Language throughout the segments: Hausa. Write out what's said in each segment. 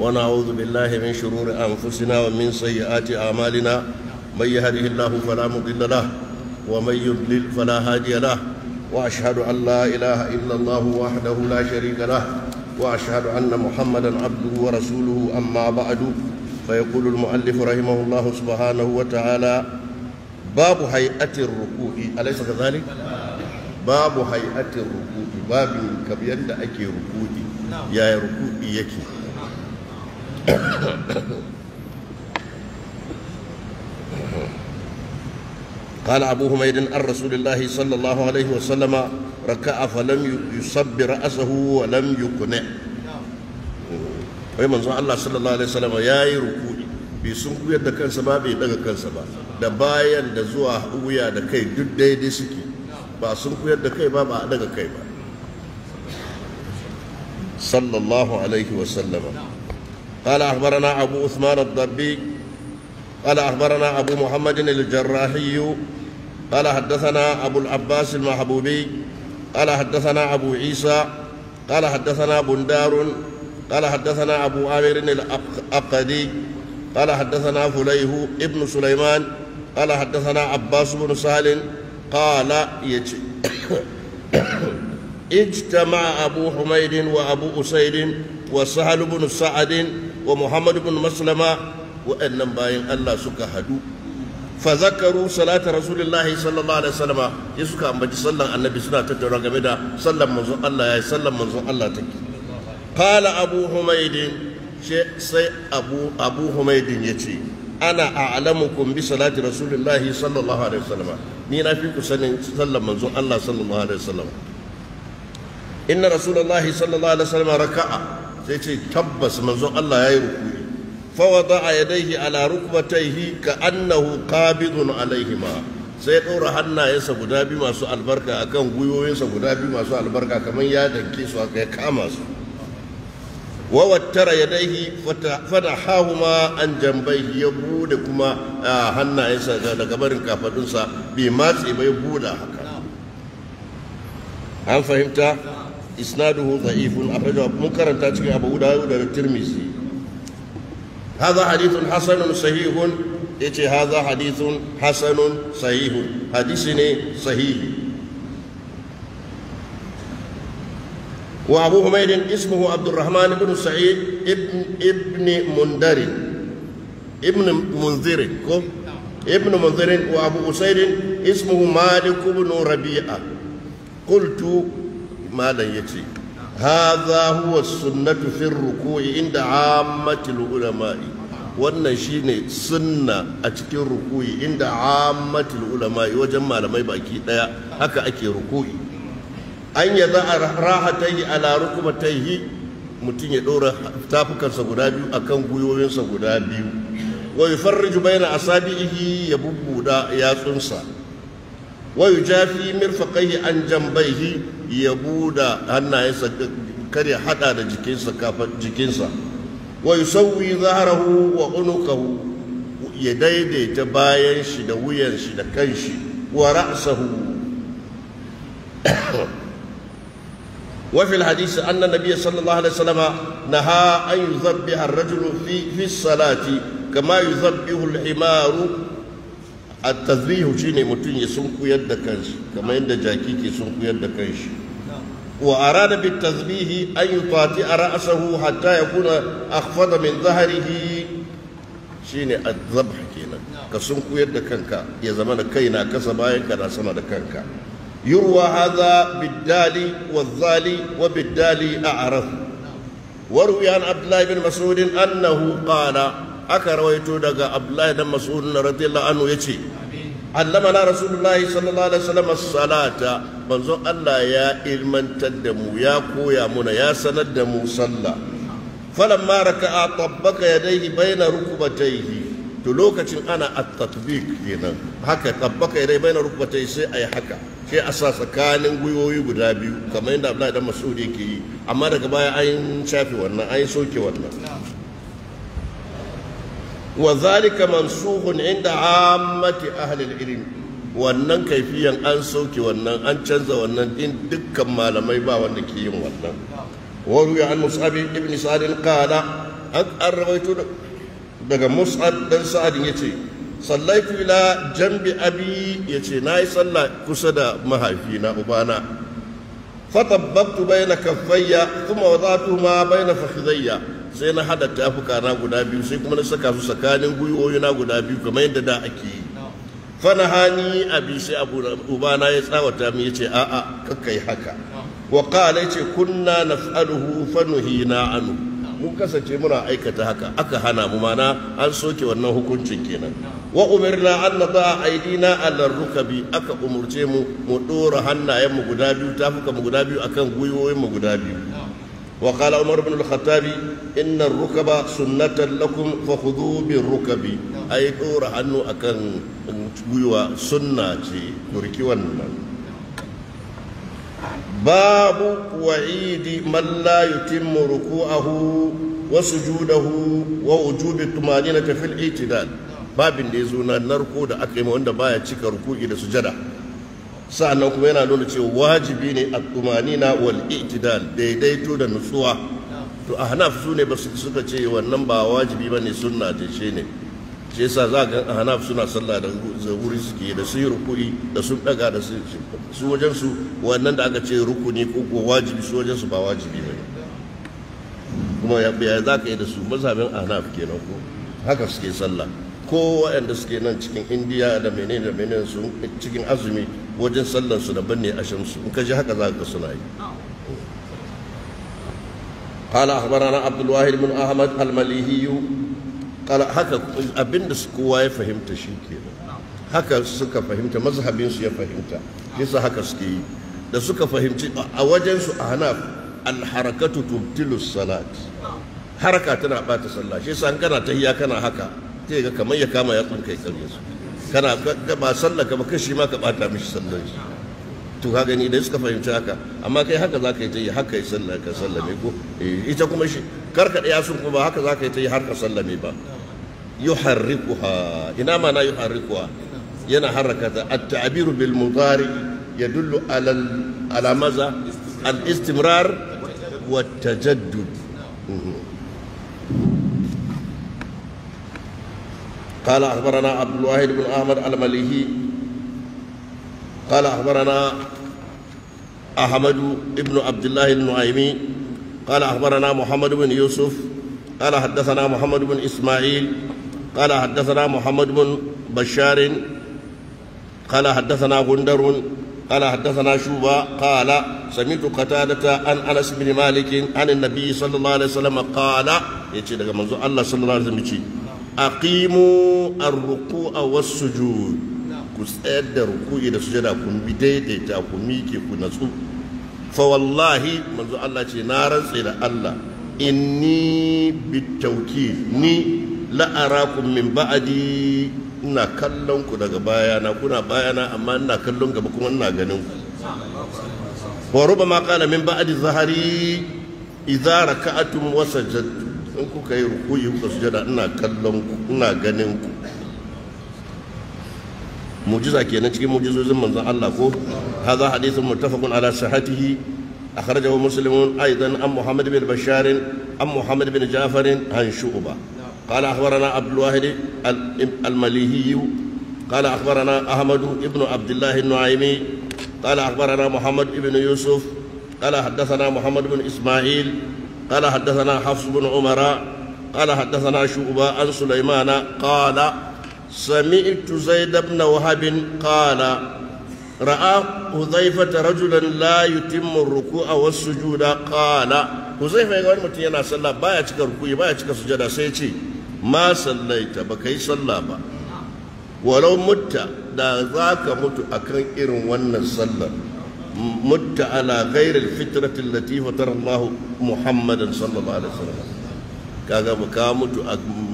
ونعوذ بالله من شرور أنفسنا ومن سيئات أعمالنا من يهده الله فلا مضل له ومن يضلل فلا هادي له وأشهد أن لا إله إلا الله وحده لا شريك له وأشهد أن محمدا عبده ورسوله أما بعد فيقول المؤلف رحمه الله سبحانه وتعالى باب هيئة الركوع أليس كذلك؟ باب هيئة الركوع باب كبير أكي ركوعي yaya ruku'i yake قال أبو حميد عن رسول الله صلى الله عليه وسلم ركع فلم يصب رأسه ولم يقنع wai manzon Allah sallallahu alaihi wasallam yayi rukudi bai sun kuyar da kansa ba bai daga kansa ba da bayan da zuwa wuya da kai duk daidai suke ba sun kuyar da kai ba ba daga kai ba صلى الله عليه وسلم قال أخبرنا أبو عثمان الضبي قال أخبرنا أبو محمد الجراحي قال حدثنا أبو العباس المحبوبي قال حدثنا أبو عيسى قال حدثنا بندار قال حدثنا أبو عامر الأقدي قال حدثنا فليه ابن سليمان قال حدثنا عباس بن سالم قال يجي اجتمع أبو حميد وأبو أسيد وسهل بن سعد ومحمد بن مسلمة وأنم باين الله سكا هدو فذكروا صلاة رسول الله صلى الله عليه وسلم يسكا أمبجي صلى الله النبي صلى الله عليه وسلم صلى منزو الله صلى منزو الله تكي قال أبو حميد سي أبو أبو حميد يتي أنا أعلمكم بصلاة رسول الله صلى الله عليه وسلم نينا فيكم سنة صلى منزو الله صلى الله عليه وسلم inna rasulullahi sallallahu alaihi wasallam raka'a sai ce tabbas manzon Allah yayi ruku'i fa wada'a yadayhi ala rukbatayhi ka annahu qabidun alaihima sai ɗora hannayensa guda biyu masu albarka akan gwiwoyinsa guda biyu masu albarka kamar ya danke su aka ya kama su wa wattara hahu ma an jambayhi ya bude kuma hannayensa daga barin kafadunsa bai matse bai buda haka an fahimta isnaduhu da'ifun akhrajahu mun karanta cikin Abu Dawud da Tirmidhi hadha hadithun hasanun sahihun yace hadha hadithun hasanun sahihun hadisi ne sahihi wa Abu Humayd ismuhu Abdurrahman ibn Sa'id ibn ibn Mundar ibn Munzir ko ابن منذر وابو اسيد اسمه مالك بن ربيعه قلت malam ya ce haza huwa sunnatu fi ruku'i inda ammatul ulama'i wannan shine sunna a cikin ruku'i inda ammatul ulama'i wajen malamai baki daya haka ake ruku'i an ya za a rahatai ala rukubatai mutum ya dora tafukansa guda biyu akan gwiwoyinsa guda biyu wa yufarriju baina asabihi ya bubbuda yatsunsa wa yujafi mirfaqaihi an jambaihi ya buɗa hannayensa kare haɗa da jikinsa kafin jikinsa wa yusawwi wa unukahu ya daidaita bayan shi da wuyan shi da kanshi wa ra'sahu وفي الحديث أن النبي صلى الله عليه وسلم نهى أن يذبح fi في في الصلاة كما يذبح الحمار a tazbihu ne mutum ya sunkuyar da kanshi kamar yadda jaki ke sunkuyar da kanshi wa arada bit tazbihi an yutati ra'sahu hatta yakuna akhfada min dhahrihi shine az kenan ka sunkuyar da kanka ya zama da kai na kasa bayan ka na sama da kanka يروى biddali wazali wa biddali أعرف وروي عن عبد الله بن مسعود annahu قال aka rawaito daga abdullahi dan mas'ud radiyallahu anhu yace na rasulullahi sallallahu alaihi wasallam salata manzon Allah ya ilmantar da mu ya koya muna ya sanar da mu sallah falamma raka'a tabbaka yadayhi baina rukbatayhi to lokacin ana at-tatbiq kenan haka tabbaka yadayhi baina rukbatayhi sai ayi haka sai a sa tsakanin gwiwoyi guda biyu kamar yadda Abdullahi dan Mas'ud yake yi amma daga baya an shafe wannan an soke wannan وذلك منسوخ عند عامة أهل العلم wannan kaifiyan an soke wannan an canza wannan din dukkan malamai ba wanda ke yin wannan waru ya an mus'ab ibn sa'd qala an arwaitu daga mus'ab dan sa'd yace sallaitu ila jambi abi yace nayi sallah kusa da mahaifina ubana fatabbatu bayna kaffayya thumma wada'tuhuma bayna fakhidayya sai na hada tafuka na guda biyu sai kuma na saka su tsakanin gwiwoyi na guda biyu kamar yadda da ake yi fana hani abi sai abu na ya tsawata mu yace a a yi haka wa qala yace kunna naf'aluhu na anu mun kasance muna aikata haka aka hana mu mana an soke wannan hukuncin kenan wa umirna an nada aidina ala rukabi aka umurce mu mu dora hannayen mu guda biyu tafuka mu guda biyu akan gwiwoyin mu guda biyu وقال عمر بن الخطاب إن الركب سنة لكم فخذوا بالركب أي دور أنه أكن تقوى سنة تركي باب وعيد من لا يتم ركوعه وسجوده ووجوب الطمأنينة في الاعتدال babin da ya zo na narko da aka yi ma wanda baya cika ruku'i da sujada sa'annan kuma yana nuna cewa wajibi ne a tumanina wal i'tidal daidaito da nutsuwa to a hanaf su ne ba suka ce wannan ba wajibi ba ne sunna ce shi ne shi yasa za ga hanaf suna sallah da zaburi suke da su yi rukuni da sun daga da su wajen su wannan da aka ce rukuni ko ko wajibi su wajen su ba wajibi ba ne kuma ya za ka yi da su mazhabin hanaf kenan ko haka suke sallah ko waɗanda suke nan cikin indiya da menene da menene sun cikin azumi wajen sallar su daban a shamsu in ka ji haka za ka suna yi قال أخبرنا عبد الواحد بن أحمد المليهي قال هكا أبن سكوا فهمت شيء هكا سكا فهمت مذهبين سيا فهمت ليس هكا سكي da suka fahimci a wajensu a hanaf alharakatu tubtilu salat oh. haraka tana bata sallah shi yasa kana tahiya kana haka sai ga kamar ya kama yatsun kai kalle su kana ba sallar ka ba kashi ma ka bata mishi sallar shi to ka gani da suka fahimci haka amma kai haka za ka yi ta yi haka yi sallar ka sallame ko eh, ita kuma shi karka ɗaya sun kuma ba haka za ka yi ta yi har ka sallame ba yuharrikuha ina ma na yuharrikuha yana haraka ta at-ta'biru bil mudari yadullu ala ala maza al-istimrar wa tajaddud mhm. قال أخبرنا عبد الواحد بن أحمد المليهي قال أخبرنا أحمد بن عبد الله النعيمي قال أخبرنا محمد بن يوسف قال حدثنا محمد بن إسماعيل قال حدثنا محمد بن بشار قال حدثنا غندر قال حدثنا شوبة قال سمعت قتادة عن أنس بن مالك عن النبي صلى الله عليه وسلم قال يتي الله صلى الله عليه وسلم aqimu ar wasu wasu ku tsayar da ruku'i da sujada ku bi daidaita ku miƙe ku natsu fa wallahi manzo Allah ce na rantse da Allah inni tauki ni la'arakun min ba'adi ina kallon ku daga bayana kuna bayana amma ina kallon gaba kuma ina ganin ku wa rubama qala min ba'adi zahari idza raka'atum wa sajadtum in kuka yi rukuyi kuka sujada ina kallon ku ina ganin ku mujiza kenan cikin mujizozin manzon Allah ko hadha hadithun muttafaqun ala sihhatihi akhrajahu muslimun aidan an muhammad bin bashar an muhammad bin ja'far an shu'ba قال عبد الواحد المليهي قال عبد الله النعيمي قال محمد يوسف قال حدثنا محمد بن قال حدثنا حفص بن عمر قال حدثنا شعبة عن سليمان قال سمعت زيد بن وهب قال رأى حذيفة رجلا لا يتم الركوع والسجود قال حذيفة يقول متي yana sallah baya cika ruku'i baya cika sujada sai ce ma sallaita baka yi sallah ba walau mutta da zaka mutu akan irin wannan sallar مت على غير الفترة التي فطر الله محمدا صلى الله عليه وسلم ka mutu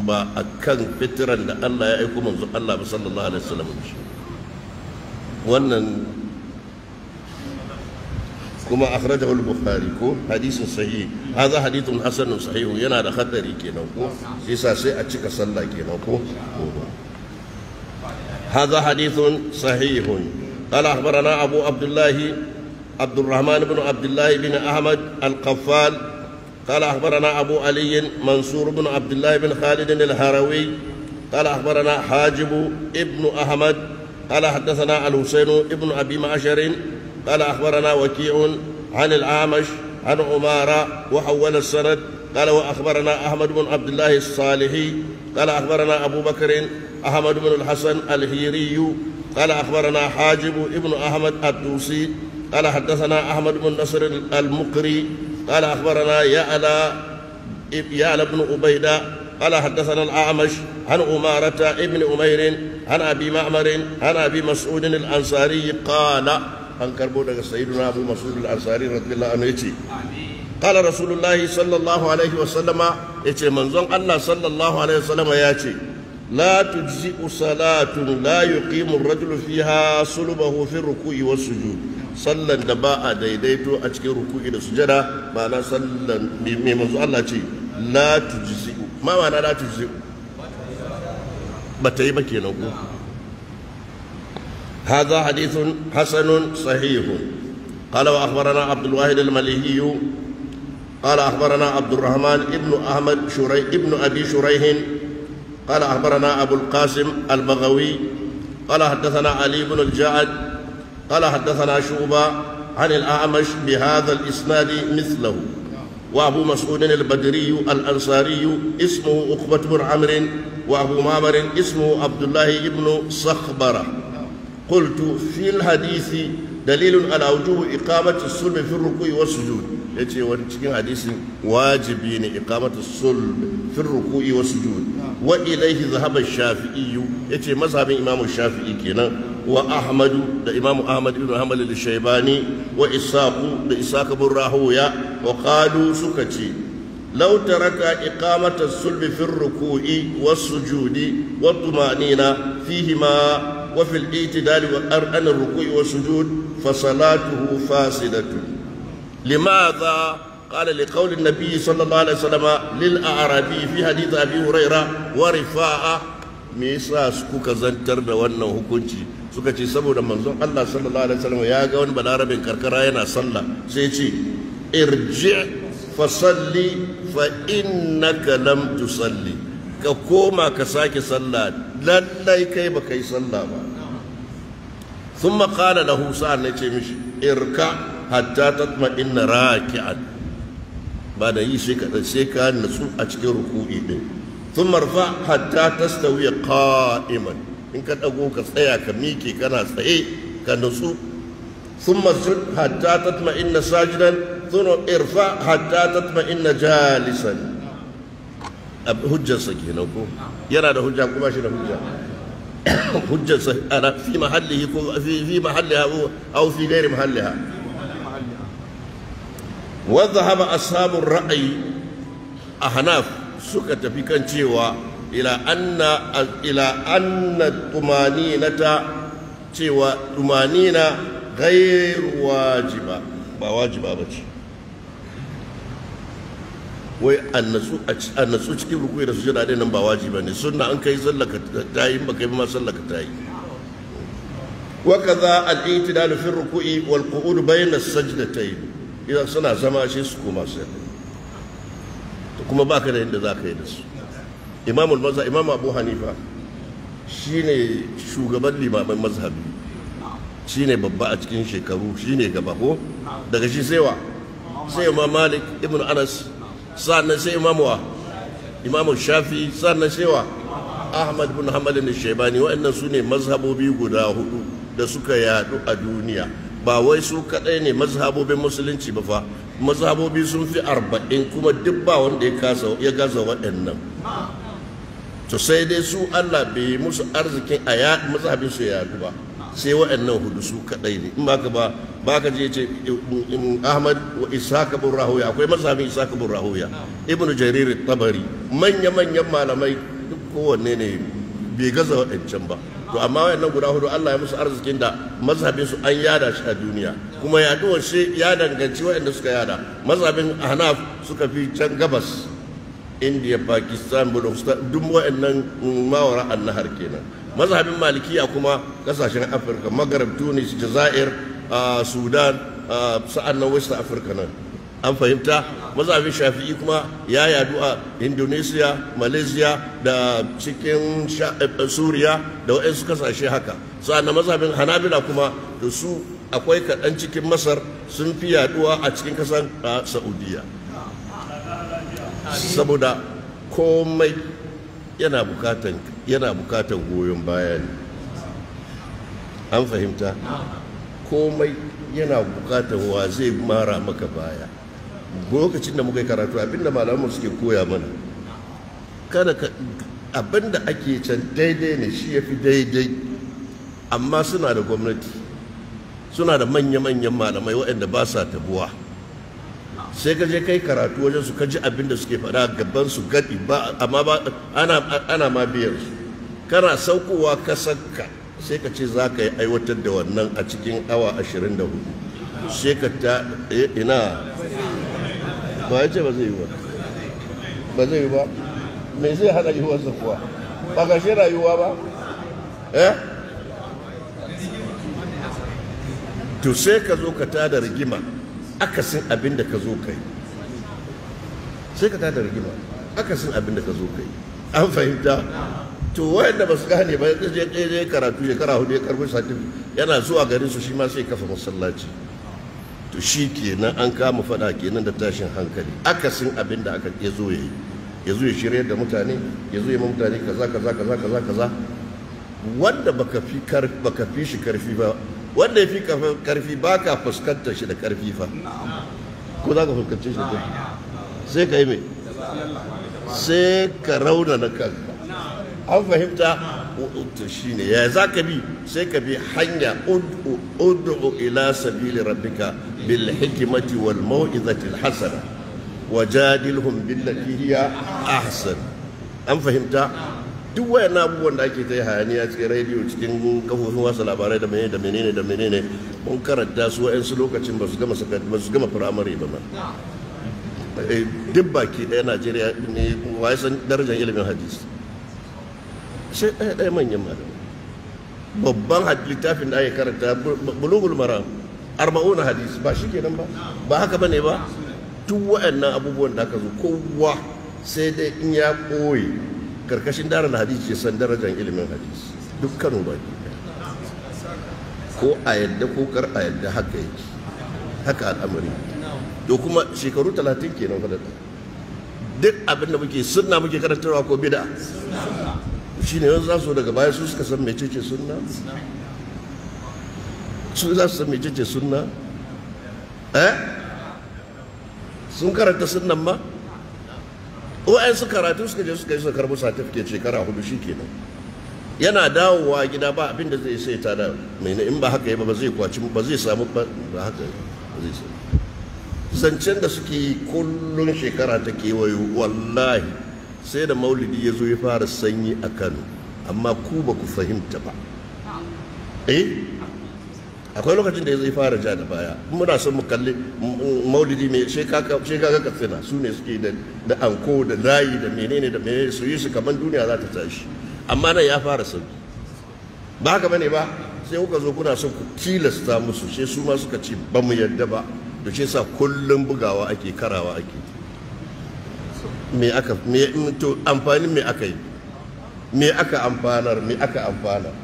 ba kan fitiran da Allah ya aiko manzo Allah ba sallallahu alaihi wannan kuma akhrajahu al-bukhari ko hadisin sahih hadha hadithun hasanun sahih yana da hadari kenan ko a cika sallah kenan ko hadha hadithun قال أخبرنا أبو عبد الله عبد الرحمن بن عبد الله بن أحمد القفال قال أخبرنا أبو علي منصور بن عبد الله بن خالد الهروي قال أخبرنا حاجب ابن أحمد قال حدثنا الحسين ابن أبي معشر قال أخبرنا وكيع عن العامش عن عمارة وحول السند قال وأخبرنا أحمد بن عبد الله الصالحي قال أخبرنا أبو بكر أحمد بن الحسن الهيري قال أخبرنا حاجب ابن أحمد الدوسي قال حدثنا أحمد بن نصر المقري قال أخبرنا يعلى يعلى بن عبيدة قال حدثنا الأعمش عن أمارة ابن أمير عن أبي معمر عن أبي مسعود الأنصاري قال أن كربونا سيدنا أبو مسعود الأنصاري رضي الله عنه يتي قال رسول الله صلى الله عليه وسلم يتي منزون الله صلى الله عليه وسلم ياتي لا تجزئ صلاة لا يقيم الرجل فيها صلبه في الركوع والسجود sallan da ba a daidaito a cikin ruku'i da sujada ba na sallan mai manzo Allah ce la tujzi ma ma na la tujzi yi ba kenan ko hadha hadithun hasanun sahihun qala wa akhbarana abdul wahid qala akhbarana abdul ibn ahmad qala akhbarana abul qasim qala hadathana ali ibn al ja'ad قال حدثنا شعبة عن الأعمش بهذا الإسناد مثله وأبو مسعود البدري الأنصاري اسمه أخبة بن عمرو وأبو معمر اسمه عبد الله بن صخبرة قلت في الحديث دليل على وجوب إقامة الصلب في الركوع والسجود يتي وانتكين حديث واجبين إقامة الصلب في الركوع والسجود وإليه ذهب الشافعي يتي مذهب إمام الشافعي كنا وأحمد ده إمام أحمد بن حنبل الشيباني وإسحاق ده إسحاق بن راهويا وقالوا سكتي لو ترك إقامة الصلب في الركوع والسجود والطمأنينة فيهما وفي الاعتدال عن الركوع والسجود فصلاته فاسدة لماذا قال لقول النبي صلى الله عليه وسلم للأعرابي في حديث أبي هريرة ورفاعة me yasa kuka zantar da wannan hukunci suka ce saboda manzon Allah ya ga wani balarabin karkara yana sallah sai ce irji fa salli fa innaka lam tusalli ka koma ka sake sallah lallai kai baka yi sallah ba thumma qala lahu sa'an ne ce mishi irka hatta tatma'inna raki'an ba da yi sai ka sai ka nutsu a cikin ruku'i din thumma rfa hatta tastawi qa'iman in ka ɗago ka tsaya ka miƙe kana tsaye ka nutsu Sun masu ثم اسجد حتى تطمئن ساجدا ثم ارفع حتى تطمئن جالسا hujjarsa kenan ko yana da hujja kuma shi da hujja hujjarsa ana fi mahallihi ko fi mahalliha aw fi ghairi mahalliha wa dhahaba ra'ayi a ahnaf suka tafi kan cewa ila anna ila anna ta cewa tumanina ghair wajiba ba wajiba ce wai annasu cikin rukuni da sujada dai nan ba wajiba ne suna an kai sallaka yi ba kai ma sallaka tayi وكذا الاعتدال na الركوع da ta yi. idan suna zama shi su koma sai kuma ba ka da inda ka yi da su imamul mazhab imam abu hanifa shine shugaban limamin mazhabi shine babba a cikin shekaru shine gaba ko daga shi sai wa sai imam malik ibn anas sannan sai imam wa imam shafi sannan sai wa ahmad ibn hanbal ibn shaybani wa'annan sune mazhabobi guda hudu da suka yadu a duniya ba wai su kadai ne mazhabobin musulunci ba fa mazhabobi sun fi arba'in kuma duk ba wanda ya kasa waɗannan to sai dai su Allah bai musu arzikin a ya mazhabin su yadu ba sai waɗannan hudu su kadai ne in baka ba baka je ce Ahmad wa Ishaq bin Rahuya akwai mazhabin Ishaq bin Rahuya Ibn Jarir tabari manya manyan malamai duk kowanne ne bai gaza waɗancan ba to amma wa'annan guda hudu Allah ya musu arzikin da mazhabin su an yada shi a duniya kuma yaduwar shi ya danganci wayanda suka yada mazhabin Ahnaf suka fi can gabas indiya pakistan budapest duk wa'annan mawara nahar kenan mazhabin malikiya kuma kasashen afirka maghrib tunis jazair sudan sa'an nan west afirka nan an fahimta mazhabin shafi'i kuma ya yadu a indonesia malaysia da cikin eh, eh, suriya da waɗansu kasashe haka sa'an nan mazhabin hanabila kuma da su akwai kaɗan cikin masar sun fi yaduwa a cikin ƙasar saudiya saboda komai yana bukatan yana bukatan goyon baya ne an fahimta komai yana bukatan wa zai mara maka baya lokacin da muka yi karatu abinda malamu suke koya mana kada ka abinda ake can daidai ne shi ya fi daidai amma suna da gwamnati suna da manya-manyan malamai waɗanda ba sa tabuwa sai ka je kai karatu wajen su ka ji abin da suke faɗa gaban su gadi ba amma ba ana ana ma biyan su kana saukowa ka sai ka ce za ka yi aiwatar da wannan a cikin awa 24 sai ka ta eh, ina ba ya ce ba zai yi ba ba zai yi ba me zai hada wa zafuwa ba ka shi rayuwa ba eh to sai ka zo ka tada rigima akasin abin da ka zo kai sai ka tada rigima akasin abin da ka zo kai an fahimta to wayanda ba su gane ba ya je ɗaya karatu ya kara hudu ya karbi satin yana zuwa garin su shi ma sai kafa masallaci to shi kenan an kama fada kenan da tashin hankali akasin abin da aka ya zo ya yi ya zo ya shirya da mutane ya zo ya ma mutane kaza kaza kaza kaza kaza wanda baka fi shi karfi ba wanda ya fi karfi ba ka fuskantar shi da karfi fa ko za ka fuskance shi da karfi sai ka yi mai sai ka rauna na kanka an fahimta to shi ne ya za ka bi sai ka bi hanya udu'u ila sabili rabbika bil hikmati wal mau'izati al hasana wajadilhum billati hiya ahsan an fahimta duk na abubuwan da ake ta yi hayaniya cikin rediyo cikin kafofin wasa labarai da menene da menene da menene mun karanta su wa'yansu lokacin ba su gama ba su gama firamare ba ma eh, duk baki ɗaya najeriya ne waye san darajar ilimin hadis. sai ɗaya ɗaya manyan malamai babban littafin da ake karanta bulugul mara arba'un hadis ba shi kenan ba ba haka ba ne ba duk waɗannan abubuwan da aka zo kowa sai dai in ya koyi karkashin darul hadisi ce san darajar ilimin hadisi duk ba baki ko a yadda ko kar a yadda haka yake haka al'amari to kuma shekaru 30 kenan fa da duk abin da muke sunna muke karantarwa ko bid'a ne yanzu za su daga baya su suka san mecece sunna su za su san mecece sunna eh sun karanta sunnan ma wa'ansu karatu suka je suka yi suka karbo certificate shekara hudu kenan yana dawowa gida ba abin da zai sai ta da mai in ba haka yi ba zai kwaci ba zai samu ba haka zai samu zancen da suke yi kullum shekara ta kewayo wallahi sai da maulidi ya zo ya fara sanyi a kano amma ku ba ku fahimta ba eh akwai lokacin da ya fara ja da baya muna son mu kalli maulidi mai shekaka katsina su ne suke da anko da layi da menene da menene su yi su kamar duniya za ta tashi amma nan ya fara sauki ba haka bane ba sai kuka zo kuna son ku tilasta musu sai su ma suka ci ba mu yadda ba da shi sa kullum bugawa ake karawa ake me aka me to amfanin me aka yi me aka amfanar me aka amfanar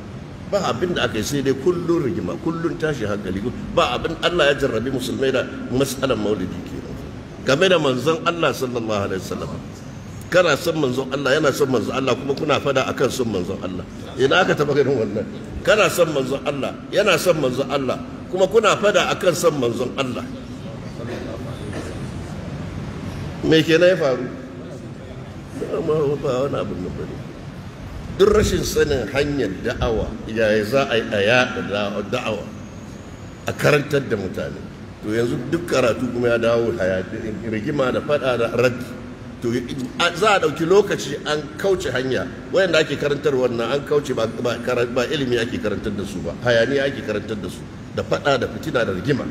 ba abin da aka yi sai dai kullun rigima kullun tashi hankali ba abin Allah ya jarrabi musulmai da mas'alan maulidi kenan game da manzon Allah sallallahu alaihi wasallam kana son manzon Allah yana son manzon Allah kuma kuna fada akan son manzon Allah ina aka taba ganin wannan kana son manzon Allah yana son manzon Allah kuma kuna fada akan son manzon Allah me kenan ya faru ba wani abin da bane duk rashin sanin hanyar da'awa yaya za a yi a yaɗa da'awa a karantar da mutane to yanzu duk karatu kuma ya dawo rigima da faɗa da rad to za a ɗauki lokaci an kauce hanya wayanda ake karantar wannan an kauce ba ilimi ake karantar da su ba hayaniya ake karantar da su da faɗa da fitina da rigima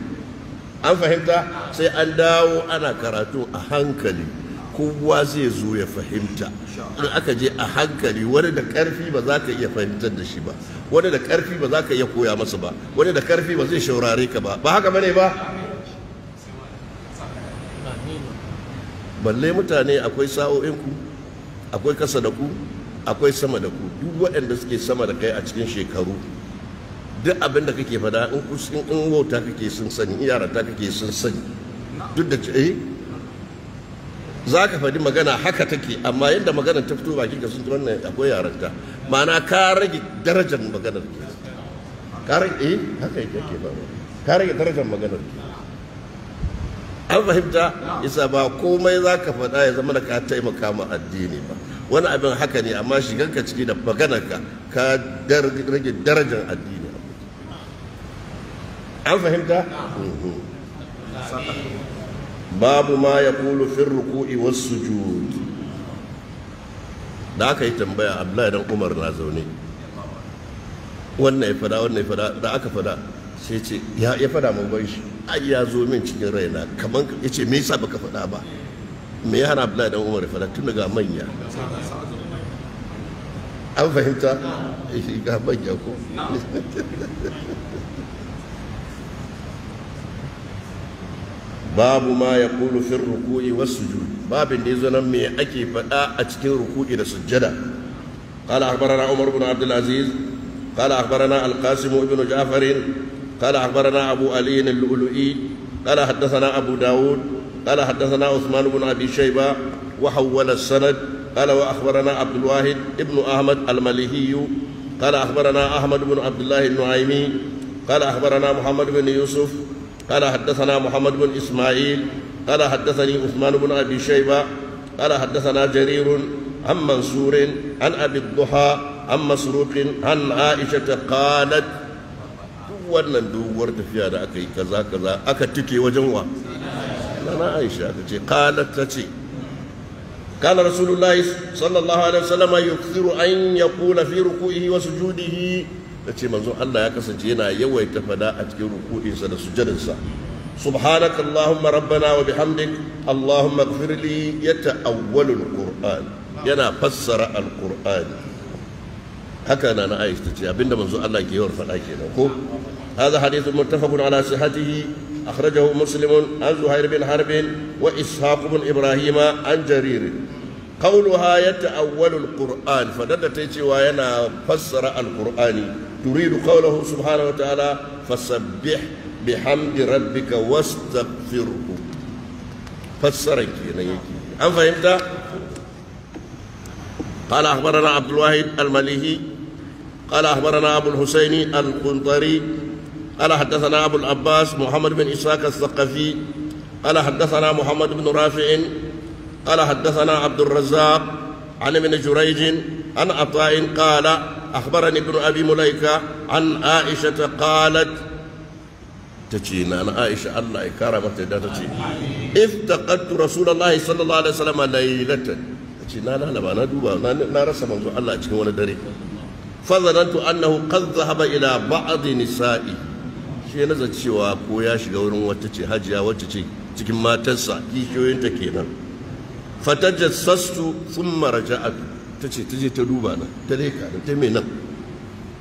an fahimta sai an dawo ana karatu a hankali kowa zai zo ya fahimta in aka je a hankali wani da karfi ba za ka iya fahimtar da shi ba wani da karfi ba za ka iya koya masa ba wani da karfi ba zai shaurare ka ba ba haka bane ba balle mutane akwai sa'o'in ku akwai kasa da ku akwai sama da ku duk waɗanda suke sama da kai a cikin shekaru duk abin da kake fada in wauta kake sun sani in ta kake sun sani duk da eh za ka faɗi magana haka take amma yadda magana ta fito baki ga sun ji wannan akwai yaranta ma'ana ka rage darajar maganar ke ka rage eh haka yake ke ba ka rage darajar maganar ke an fahimta isa ba komai za ka faɗa ya zama da ka taimaka ma addini ba wani abin haka ne amma shiganka ciki da maganarka ka rage darajar addini an fahimta? babu ma ya kulu fin ruku'i wasu sujud da aka yi tambaya abdullahi dan umar na zaune wannan ya fada wannan ya fada da aka fada sai ce ya fada mun ban shi ai ya zo min cikin raina kaman ya ce me yasa baka fada ba me ya hana abdullahi dan umar ya fada tun daga manya an fahimta eh, ga manya ko babu ma ya kulu fin ruku'i wasu sujud babin da yazo nan me ake faɗa a cikin ruku'i da sujjada قال أخبرنا عمر بن عبد العزيز قال أخبرنا القاسم بن جعفر قال أخبرنا أبو علي اللؤلؤي قال حدثنا أبو داود قال حدثنا عثمان بن أبي شيبة وحول السند قال وأخبرنا عبد الواحد ابن أحمد المليهي قال أخبرنا أحمد بن عبد الله النعيمي قال أخبرنا محمد بن يوسف قال حدثنا محمد بن إسماعيل قال حدثني عثمان بن أبي شيبة قال حدثنا جرير عن منصور عن أبي الضحى عن مسروق عن عائشة قالت wannan doguwar tafiya da aka yi kaza kaza aka tike wajen wa aisha ta ce qalat ta ce kana rasulullahi sallallahu alaihi wasallam yukthiru an yaqula fi ruku'ihi wa sujudihi ya ce manzon Allah ya kasance yana yawaita fada a cikin ruku'insa da sujadansa subhanaka allahumma rabbana wa bihamdik allahumma ighfir li yata'awwalu alquran yana fassara alquran haka na na Aisha tace abinda manzon Allah yawar fada kenan ko هذا حديث متفق على صحته أخرجه مسلم عن زهير بن حرب وإسحاق بن إبراهيم عن جرير قولها يتأول القرآن فددت وينا فسر القرآن تريد قوله سبحانه وتعالى فسبح بحمد ربك واستغفره فسرك أم فهمت؟ قال أخبرنا عبد الواحد المليهي قال أخبرنا أبو الحسين القنطري قال حدثنا أبو العباس محمد بن إسحاق الثقفي قال حدثنا محمد بن رافع قال حدثنا عبد الرزاق عن ابن جريج عن عطاء قال أخبرني ابن أبي مليكة عن عائشة قالت تجينا أنا عائشة الله كرمت دا تجي افتقدت رسول الله صلى الله عليه وسلم ليلة تجينا لا لا أنا دوبا أنا رسم الله تجي وانا دري فظننت أنه قد ذهب إلى بعض نسائه shi na cewa ko ya shiga wurin wata ce hajiya wacce ce cikin matarsa kishiyoyinta kenan fatajassastu thumma raja'atu ta ce ta je ta duba na ta leka da ta mai nan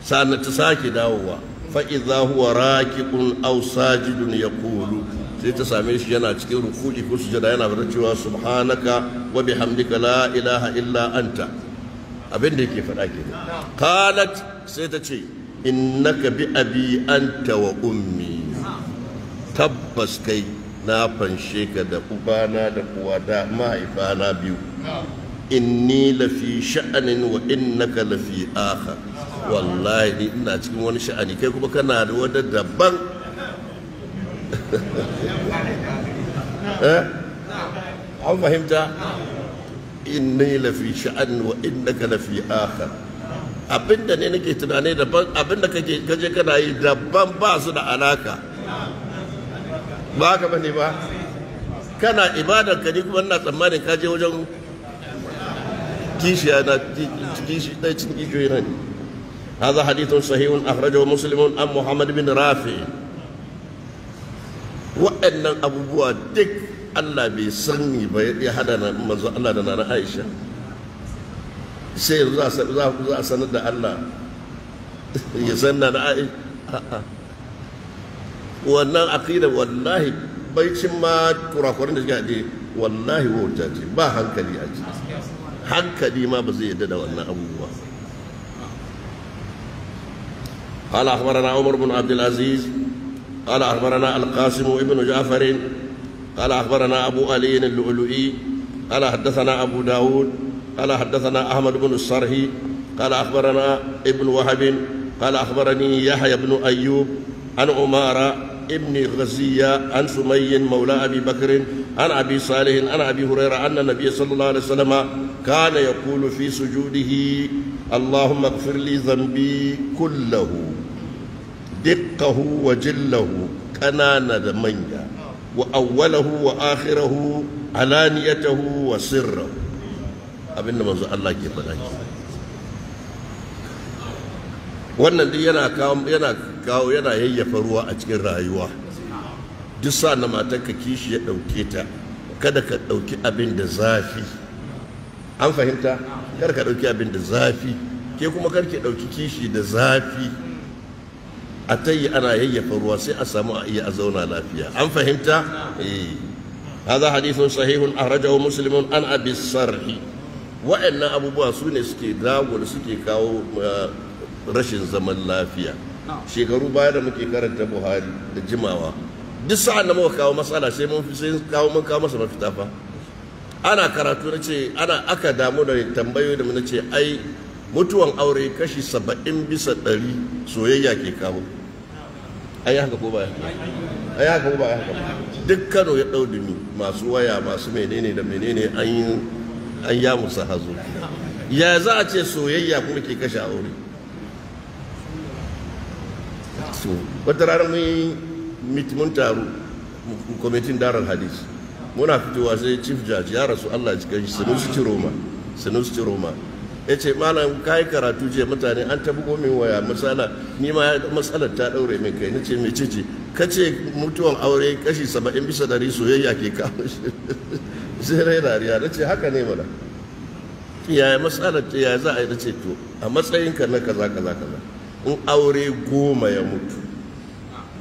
Sannan ta sake dawowa fa idza huwa raki'un aw sajidun yaqulu sai ta same shi yana cikin rukuɗi ko sujada yana fara cewa subhanaka wa bihamdika la ilaha illa anta abin da yake faɗa ke qalat sai ta ce innaka bi abi anta wa ummi tabbas kai na fanshe ka da ubana da uwa da mahaifana biyu inni lafi sha'anin wa innaka lafi akhar wallahi ni ina cikin wani sha'ani kai kuma kana da wata daban eh? an fahimta inni lafi sha'anin wa innaka lafi akhar abinda ne nake tunani daban abinda kake kaje kana yi daban ba su da alaka ba ka bane ba kana ibadar ka ni kuma ina tsammanin kaje je wajen كيشي أنا كيشي تيتن كيشي هذا حديث صحيح أخرجه مسلم عن محمد بن رافع وأن أبو بوادك Allah bai sani ba ya hada na Allah da nana Aisha sai yanzu za a sanar da Allah ya san nana Aisha wannan aqida wallahi baicin ma kurakurin da suka wallahi ba hankali a hankali ma ba zai yadda da wannan abubuwa قال أخبرنا عمر بن عبد العزيز قال أخبرنا القاسم بن جعفر قال أخبرنا أبو علي اللؤلؤي قال حدثنا أبو داود قال حدثنا أحمد بن الصرهي قال أخبرنا ابن وهب قال أخبرني يحيى بن أيوب عن عمارة ابن غزية عن سمي مولى أبي بكر عن أبي صالح عن أبي هريرة أن النبي صلى الله عليه وسلم كان يقول في سجوده اللهم اغفر لي ذنبي كله دقه وجله كنان منيا وأوله وآخره علانيته وسره أبن منظر الله كيف wannan duk yana kawo yana kawo yana yayyafa ruwa a cikin rayuwa duk sa na matarka kishi ya ɗauke ta kada ka ɗauki abin da zafi an fahimta kada ka ɗauki abin da zafi ke kuma karki ɗauki kishi da zafi a ta yi ana yayyafa ruwa sai a samu a iya a zauna lafiya an fahimta eh hadithun sahihun ahrajahu musulmin an abi sarhi wa'annan abubuwa su ne suke dago da suke kawo eh, rashin zaman lafiya shekaru baya da muke karanta buhari da jimawa duk sa'an da muka kawo matsala sai mun sai kawo mun kawo masa mafita fa ana karatu na ce ana aka damu da tambayoyi da muna ce ai mutuwan aure kashi saba'in bisa ɗari soyayya ke kawo ai haka ko ba ai haka ko ba haka duk Kano ya ɗau dumi masu waya masu menene da menene an yi an ya musa hazo ya za a ce soyayya kuma ke kashe aure wata rana mun mun taru kwamitin darar hadis muna fitowa sai chief judge ya rasu Allah cikin shi roma ciroma sanusi ciroma ya ce malam ka yi karatu je mutane an tabi min waya misala ni ma matsalar ta daure min kai nace mai ciji ka ce mutuwan aure kashi saba'in bisa dari soyayya ke kawo shi sai rai dariya na ce haka ne mana yaya matsalar ta yaya za a yi na ce to a matsayinka na kaza kaza kaza in aure goma ya mutu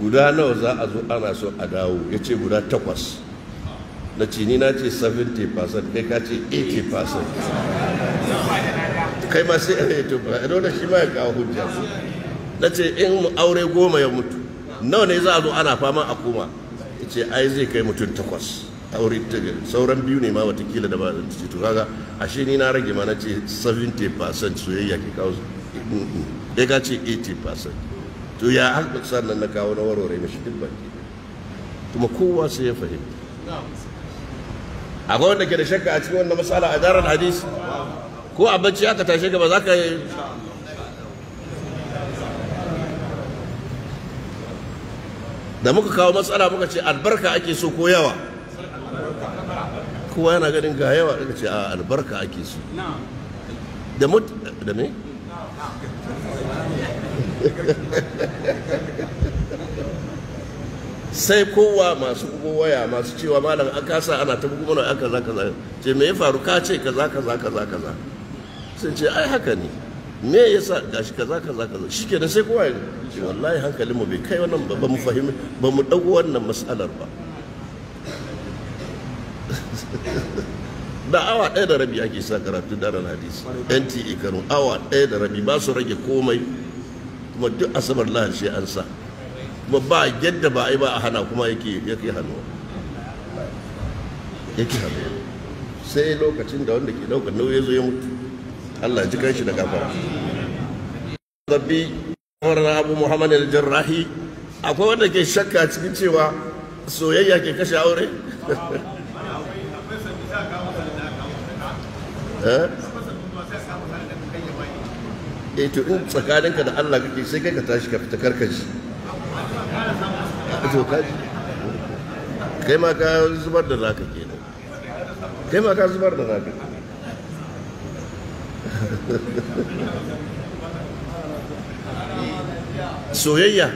guda nawa za a zo ana so a dawo ya ce guda takwas na cini na ce 70% kai ka ce 80% kai ma sai ya yato ba a shi ma ya kawo hujja na ce in aure goma ya mutu nawa ne za a zo ana fama a koma ya ce ai zai kai mutum takwas aure ta sauran biyu ne ma watakila da ba da ce to kaga ashe ni na rage ma na ce 70% soyayya ke kawo kai ka ce 80% to ya har sannan na kawo na warware mashi duk baki kuma kowa sai ya fahimta akwai wanda ke da shakka a cikin wannan matsala a daren hadis ko a bacci aka tashe ka ba za ka yi da muka kawo matsala muka ce albarka ake so ko yawa kowa yana ganin ga yawa daga ce a albarka ake so da mut da me sai kowa masu bugo waya masu cewa malam an kasa ana ta bugu mana aka za kaza ce me ya faru ka ce kaza kaza kaza kaza sun ce ai haka ne me yasa gashi kaza kaza kaza shikenan sai kowa ya wallahi hankalin mu bai kai wannan ba mu fahimi ba mu dauko wannan mas'alar ba da awa ɗaya da rabi ake sa karatu ran hadisi nte kano awa ɗaya da rabi ba su rage komai kuma duk asabar lahar shi an sa kuma ba yadda ba ai ba a hana kuma yake yake hannu yake hannu sai lokacin da wanda ke daukar nauyi zo ya mutu Allah ya ji kanshi da gafara rabbi na abu muhammad al-jarrahi akwai wanda ke shakka cikin cewa soyayya ke kashe aure eh? eh to in tsakaninka da Allah kake sai kai ka tashi ka fita karkashi kai ma ka zubar da zaka nan kai ma ka zubar da zaka soyayya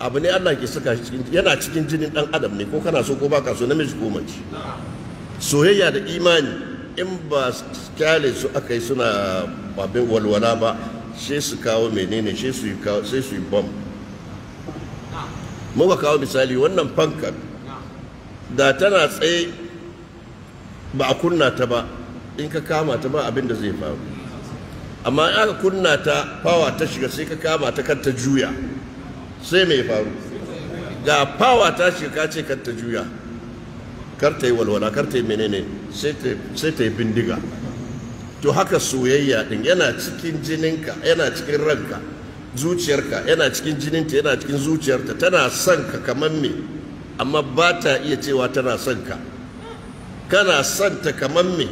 abu ne Allah ke saka shi yana cikin jinin dan adam ne ko kana so ko baka so namiji ko mace soyayya da imani in ba kyale su aka yi suna babin walwala ba sai su kawo menene sai su yi bomb muka kawo misali wannan fankar da tana tsaye ba a kunna ta ba in ka kama ta ba abin da zai faru amma in aka kunna ta fawa ta shiga sai ka kama ta kan ta juya sai mai faru ga fawa ta shiga ka ce kan ta juya kar ta yi walwala kar ta yi menene sai ta yi bindiga to haka soyayya din yana cikin jininka yana cikin ranka zuciyarka yana cikin jininta yana cikin zuciyarta tana son ka kamar me amma ba ta iya cewa tana son ka kana son ta kamar me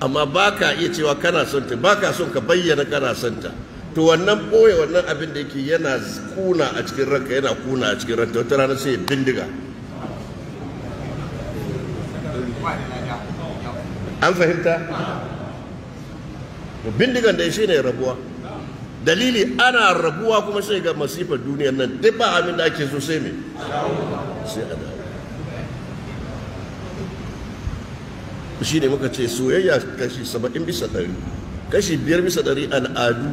amma ba ka iya cewa kana son ta ba ka son ka bayyana kana son ta to wannan ɓoye wannan abin da yake yana kuna a cikin ranka yana kuna a cikin ranka wata rana sai ya bindiga an fahimta bindigan da shi ne rabuwa dalili ana rabuwa kuma sai ga masifar duniyar nan duk ba abin da ake so sai me sai a dawo shi ne muka ce soyayya kashi saba'in bisa ɗari kashi biyar bisa ɗari al'adu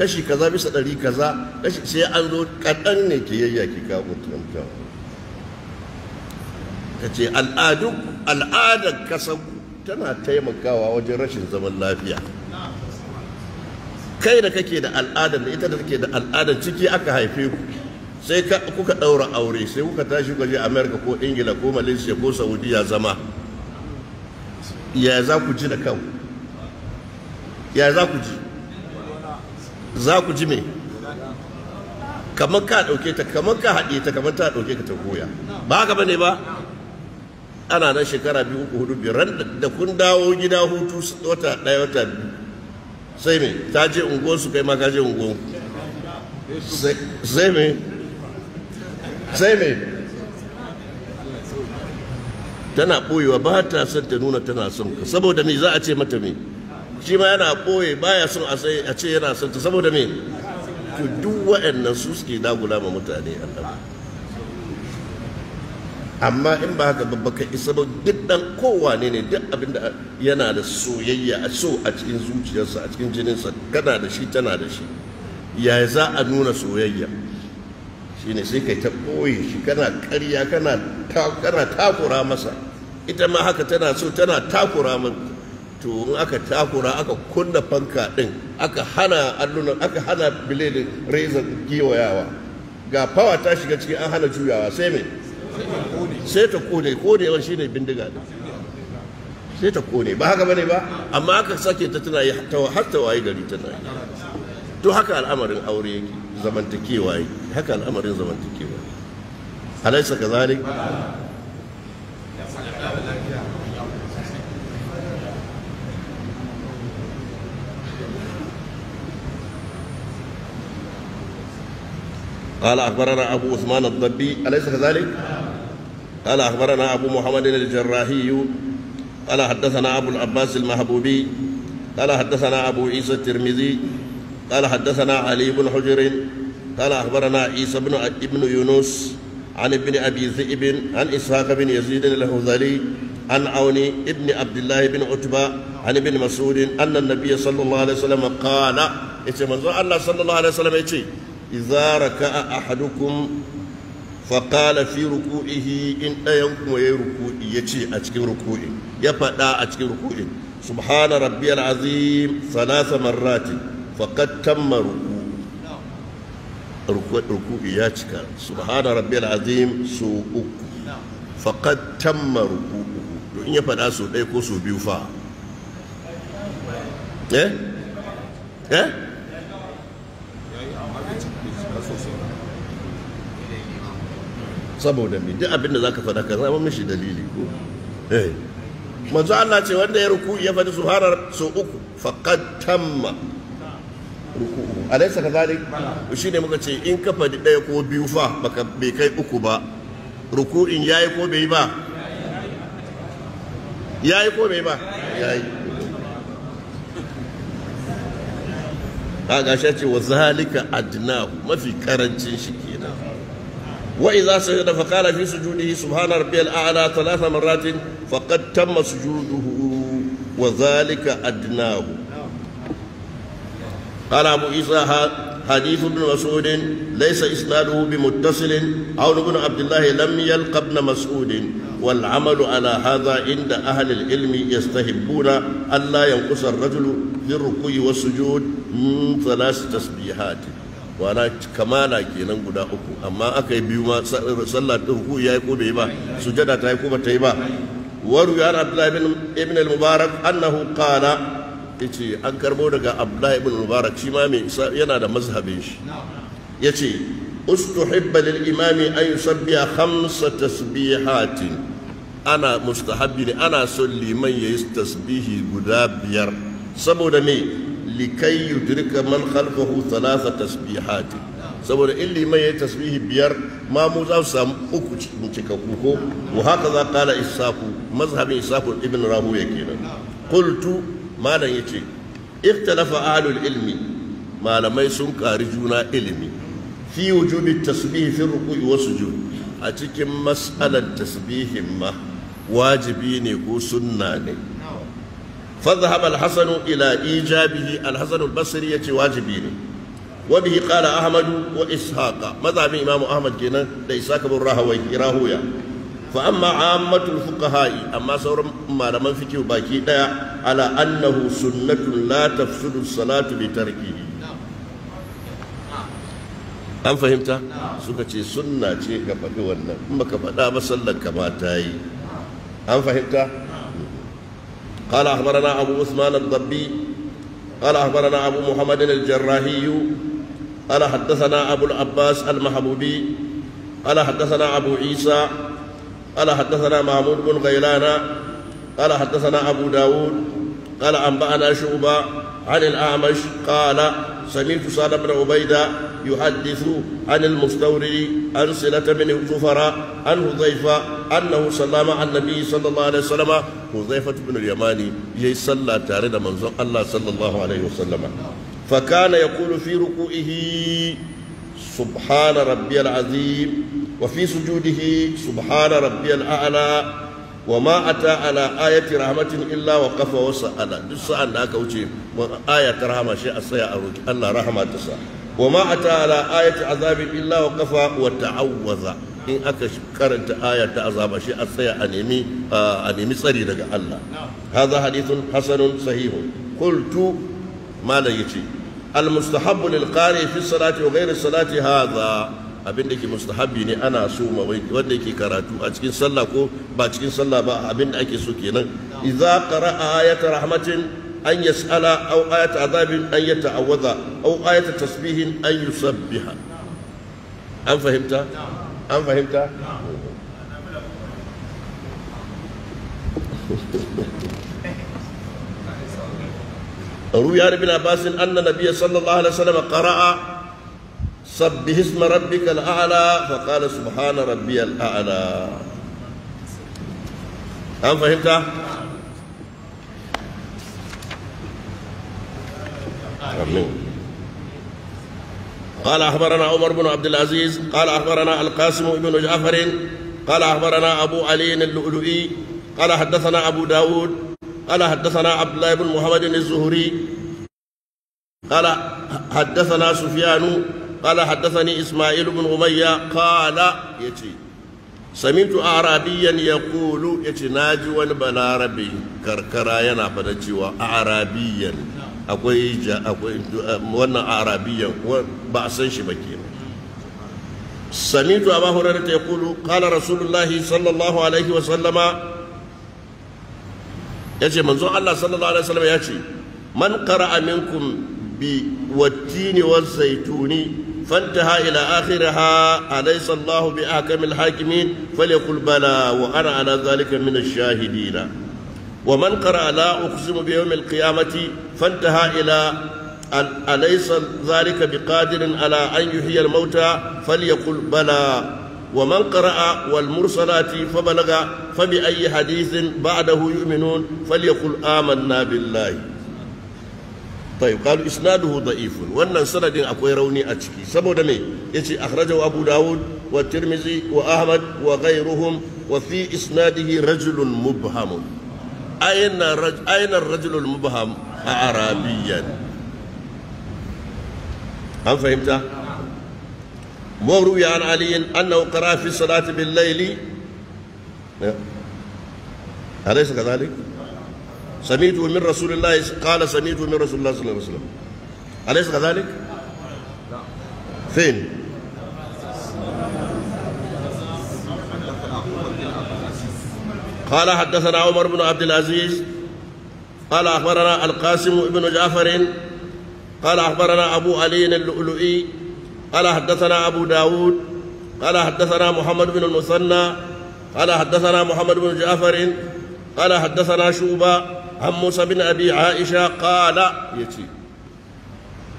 kashi kaza bisa ɗari kaza kashi sai an zo kaɗan ne ke yayya ke kawo mutum ka ce al'adun al'adar kasan tana taimakawa wajen rashin zaman lafiya kai da kake da al'adar da ita da take da al'adar ciki aka haife ku sai kuka ɗaura aure sai kuka tashi ku je america ko ingila ko malaysia ko saudiya zama ya za ku ji da kan ya za ku ji za ku ji me kamar ka ɗauke ta kamar ka haɗe ta kamar ta ɗauke ka ta koya ba haka bane ba ana nan shekara biyu uku hudu biyar da kun dawo gida hutu wata ɗaya wata biyu sai me ta je unguwar su kai ma ka je unguwar sai me sai me tana ɓoyewa ba ta son ta nuna tana son ka saboda me za a ce mata me shi ma yana ba baya son a ce yana son ta saboda me to duk waɗannan su suke dagula ma mutane Allah amma in ba haka babba ka isa ba duk dan kowane ne duk abin da yana da soyayya a so a cikin zuciyarsa a cikin jininsa kana da shi tana da shi ya za a nuna soyayya shi ne sai kai ta ɓoye shi kana karya kana takura masa ita ma haka tana so tana takura masa to in aka takura aka kunna fanka din aka hana alluna aka hana biledin reza giwayawa ga fawa ta shiga ciki an hana juyawa sai me. sai ta kone wani shi ne bindiga ne sai ta kone ba haka bane ba amma aka sake ta tana yi har ta waye gari tana yi to haka al'amarin aure yake zamantakewa yi haka al'amarin zamantakewa alaysa kazalik قال أخبرنا أبو عثمان الضبي أليس كذلك؟ قال أخبرنا أبو محمد الجراحي قال حدثنا أبو العباس المحبوبي قال حدثنا أبو عيسى الترمذي قال حدثنا علي بن حجر قال أخبرنا عيسى بن ابن يونس عن ابن أبي ذئب عن إسحاق بن يزيد الهذلي عن عون ابن عبد الله بن عتبة عن ابن مسعود أن النبي صلى الله عليه وسلم قال يتي منظور الله صلى الله عليه وسلم يتي idza raka'a ahadukum fa qala fi in dayanku yayi ruku'i yace a cikin ruku'i saboda mai duk abinda za zaka faɗa ka zama mishi dalili ko eh manzo Allah ce wanda ya ruku ya faɗi harar su uku faƙad tamma ka zari shi ne muka ce in ka faɗi ɗaya ko biyu fa baka bai kai uku ba ruku in yayi ko bai ba yayi ko bai ba yayi a gashi ce wa zalika adnahu mafi karancin shi kenan wa idza sajada fa qala fi sujudihi subhana rabbiyal a'la thalatha marratin faqad tamma sujuduhu wa zalika adnahu qala abu isa حديث ابن مسعود ليس إسناده بمتصل عون بن عبد الله لم يلق ابن مسعود والعمل على هذا عند أهل العلم يستحبون ألا ينقص الرجل في الركوع والسجود من ثلاث تسبيحات wana kamala kenan guda uku amma aka yi biyu ma sallar ruku ya yi ko bai ba sujada ta yi ko ba ta yi ba waru ya abdullahi ibn al-mubarak annahu qala yace an karbo daga abdullahi ibn mubarak shi ma mai yana da mazhabin shi yace ustuhibba lil imami an yusabbiha khamsa tasbihatin ana mustahabbi ne ana son liman yayi tasbihi guda biyar saboda me likai yudrika man khalfahu thalatha tasbihatin saboda in liman yayi tasbihi biyar ma mu za su samu uku cikakku ko wa haka za kala isafu mazhabin isafu ibn rahuya kenan qultu malam yace iftalafa ahlul ilmi malamai sun kari juna ilmi fi wujubi tasbih fi ruku'i wa sujud a cikin mas'alar tasbihin ma wajibi ne ko sunna ne فذهب الحسن إلى إيجابه الحسن البصري يتي واجبين وبه قال أحمد وإسحاق ماذا Ahmad إمام أحمد جنا ليساك بن راهوي راهويا fa amma ammatul fuqaha'i amma sauran malaman fiqh baki daya ala annahu sunnatun la tafsudu salatu bi tarkihi an fahimta suka ce sunna ce ka faɗi wannan kuma ka faɗa ba sallar ka ba ta yi an fahimta قال أخبرنا أبو عثمان الضبي قال أخبرنا أبو محمد الجراحي قال حدثنا أبو العباس المحبوبي قال حدثنا أبو عيسى قال حدثنا محمود بن غيلان قال حدثنا أبو داود قال أنبأنا شعبة عن الأعمش قال سمعت سعد بن عبيدة يحدث عن المستورد عن صلة بن كفر عن حذيفة أنه صلى مع النبي صلى الله عليه وسلم حذيفة بن اليماني يصلى تارد من الله صلى الله عليه وسلم فكان يقول في ركوعه سبحان ربي العظيم وفي سجوده سبحان ربي الأعلى وما أتى على آية رحمة إلا وقف وسأل دس أن ذاك وجه آية رحمة شيء أسيا أروج الله رحمة تسا وما أتى على آية عذاب إلا وقف وتعوذ إن أكش كرنت آية عذاب شيء أسيا أنيمي آه أنيمي صري لك الله هذا حديث حسن صحيح قلت ما لا يجي المستحب للقارئ في الصلاة وغير الصلاة هذا abin da ke mustahabi ne ana so ma wanda yake karatu a cikin sallah ko ba cikin sallah ba abin da ake so kenan idza qara'a ayata rahmatin an yas'ala aw ayata azabin an yata'awwadha aw ayata tasbihin an yusabbiha an fahimta an fahimta روي عن ابن عباس ان النبي صلى الله عليه وسلم قرأ سبح اسم ربك الأعلى فقال سبحان ربي الأعلى هل فهمت؟ آمين قال أخبرنا عمر بن عبد العزيز قال أخبرنا القاسم بن جعفر قال أخبرنا أبو علي اللؤلؤي قال حدثنا أبو داود قال حدثنا عبد الله بن محمد الزهري قال حدثنا سفيان قال حدثني إسماعيل بن أمية قال يتي سمعت أعرابيا يقول يتي ناجي بنا ربي كركراينا فنجوا أعرابيا akwai ja akwai wannan arabiyan ba a san shi ba ke samitu abu hurairah ta yaqulu qala rasulullahi sallallahu alaihi wa sallama yace manzon Allah sallallahu alaihi wa sallama yace man bi zaituni فانتهى إلى آخرها أليس الله بأحكم الحاكمين فليقل بلى وأنا على ذلك من الشاهدين ومن قرأ لا أقسم بيوم القيامة فانتهى إلى أليس ذلك بقادر على أن يحيي الموتى فليقل بلى ومن قرأ والمرسلات فبلغ فبأي حديث بعده يؤمنون فليقل آمنا بالله طيب قالوا إسناده ضعيف وأن سند أكوي روني أتشكي سبو دمي يتي أخرجه أبو داود والترمذي وأحمد وغيرهم وفي إسناده رجل مبهم أين الرجل, أين الرجل المبهم أعرابيا هل فهمت؟ وروي عن علي أنه قرأ في الصلاة بالليل أليس كذلك؟ سمعته من رسول الله قال سمعته من رسول الله صلى الله عليه وسلم أليس كذلك؟ فين؟ قال حدثنا عمر بن عبد العزيز قال أخبرنا القاسم بن جعفر قال أخبرنا أبو علي اللؤلؤي قال حدثنا أبو داود قال حدثنا محمد بن المثنى قال حدثنا محمد بن جعفر قال حدثنا شوبة عن موسى بن أبي عائشة قال يتي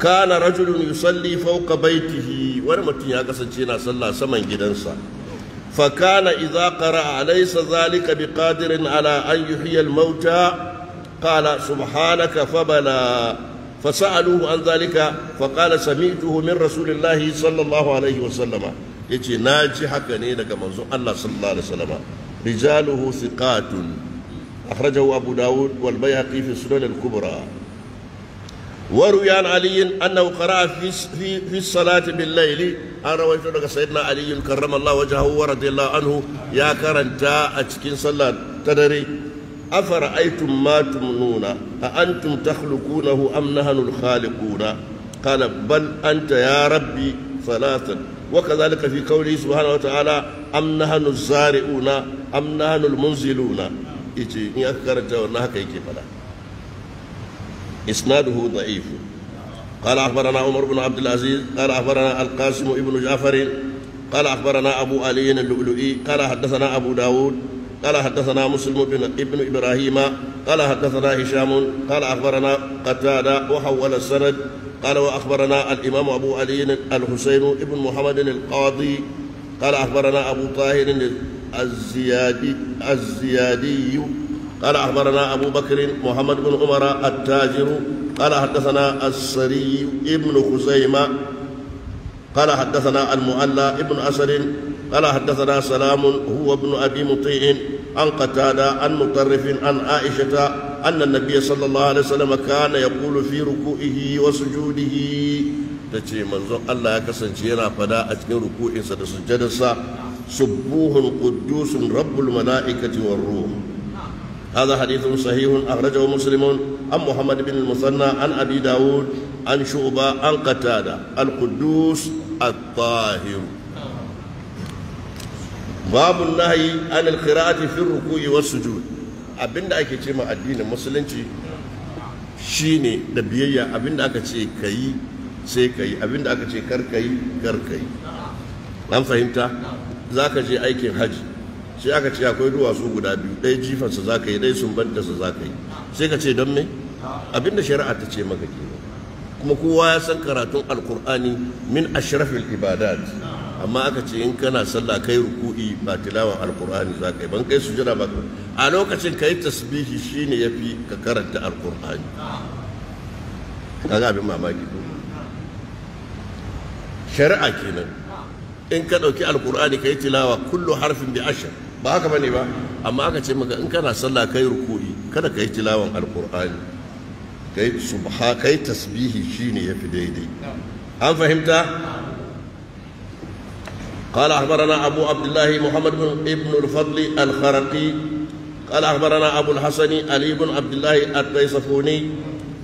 كان رجل يصلي فوق بيته ورمتي يا قصدنا صلى سمن جدنسا فكان إذا قرأ أليس ذلك بقادر على أن يحيي الموتى قال سبحانك فبلى فسألوه عن ذلك فقال سمعته من رسول الله صلى الله عليه وسلم يتي ناجي حكا نيدك منزو الله صلى الله عليه وسلم رجاله ثقات أخرجه أبو داود والبيهقي في السنن الكبرى وروي عن علي أنه قرأ في, في, في الصلاة بالليل أنا رويت لك سيدنا علي كرم الله وجهه ورضي الله عنه يا كرنتا أتكين صلاة تدري أفرأيتم ما تمنون أأنتم تخلقونه أم نحن الخالقون قال بل أنت يا ربي ثلاثا وكذلك في قوله سبحانه وتعالى أم نحن الزارعون أم نحن المنزلون yace in aka karanta wannan haka yake fada isnaduhu da'ifu قال أخبرنا عمر بن عبد العزيز قال أخبرنا القاسم ابن جعفر قال أخبرنا أبو علي اللؤلؤي قال حدثنا أبو داود قال حدثنا مسلم بن ابن إبراهيم قال حدثنا هشام قال أخبرنا قتادة وحول السند قال وأخبرنا الإمام أبو علي الحسين ابن محمد القاضي قال أخبرنا أبو طاهر الزيادي الزيادي قال أخبرنا أبو بكر محمد بن عمر التاجر قال حدثنا السري ابن خزيمة قال حدثنا المؤلى ابن أسد قال حدثنا سلام هو ابن أبي مطيع عن قتادة عن مطرف عن عائشة أن النبي صلى الله عليه وسلم كان يقول في ركوعه وسجوده تجي منظر الله يكسن جينا فدا أتني ركوع سد سجد سبوه قدوس رب الملائكة والروح هذا حديث صحيح أخرجه مسلم عن محمد بن المثنى عن أبي داود عن شعبة عن قتادة القدوس الطاهر باب النهي عن القراءة في الركوع والسجود أبن ake ce الدين المسلم شيني shine أبن biyayya abinda سيكي أبن kayi sai kayi abinda aka ce za ka je aikin hajji sai aka ce akwai duwatsu guda biyu ɗaya jifansa za ka yi ɗaya sa za ka yi sai ka ce don me abinda shari'a ta ce maka ke kuma kowa ya san karatun alkur'ani min ashrafil ibadat amma aka ce in kana sallah kai ruku'i ba tilawan alkur'ani za ka yi ban kai sujada ba a lokacin ka yi tasbihi shine yafi ka karanta alkur'ani kaga abin mamaki ko shari'a kenan in ka ɗauki alkur'ani ka yi tilawa kullum harfin bi ashir ba haka bane ba amma aka ce maka in kana sallah kai ruku'i kada ka yi tilawan alkur'ani kai subha kai tasbihi shine yafi daidai an fahimta قال أخبرنا أبو عبد الله محمد بن ابن الفضل الخرقي قال أخبرنا أبو الحسن علي بن عبد الله الديصفوني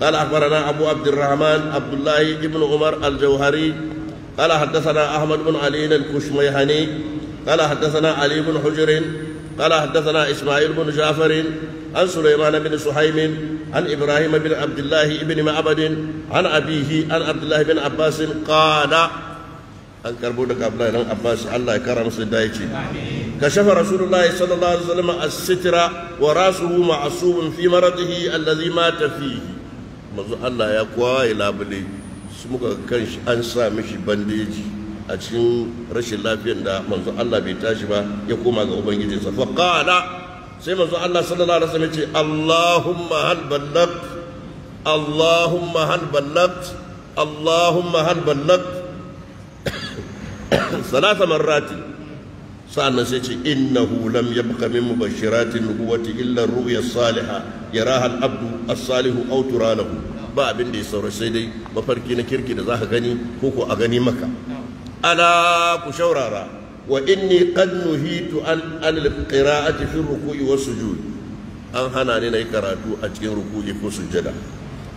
قال أخبرنا أبو عبد الرحمن عبد الله بن عمر الجوهري قال حدثنا أحمد بن علي الكشميهني قال حدثنا علي بن حجر قال حدثنا إسماعيل بن جعفر عن سليمان بن سحيم عن إبراهيم بن عبد الله بن معبد عن أبيه عن عبد الله بن عباس قال an karbo daga Abdullahi dan Abbas Allah ya kara masa dace kashafa Rasulullahi sallallahu alaihi wasallam as-sitra wa rasuhu ma'sumun fi maradihi alladhi mata fihi manzo Allah ya kwaye labule su muka kan shi an sa mishi bandeji a cikin rashin lafiyar da manzo Allah bai tashi ba ya koma ga ubangijinsa fa qala sai manzo Allah sallallahu alaihi wasallam ya ce Allahumma hal ballagt Allahumma hal ballagt Allahumma hal ballagt salasa marrati sa'annan sai ce innahu lam yabqa min mubashiratin nubuwati illa ru'ya salihah yaraha al-abdu as-salihu aw turalahu ba abin da ya saura sai dai mafarki na kirki da ka gani ko ko a gani maka ala ku shaurara wa inni qad nuhitu an al-qira'ati fi ruku'i was sujud an hana ni nayi karatu a cikin ruku'i ko sujada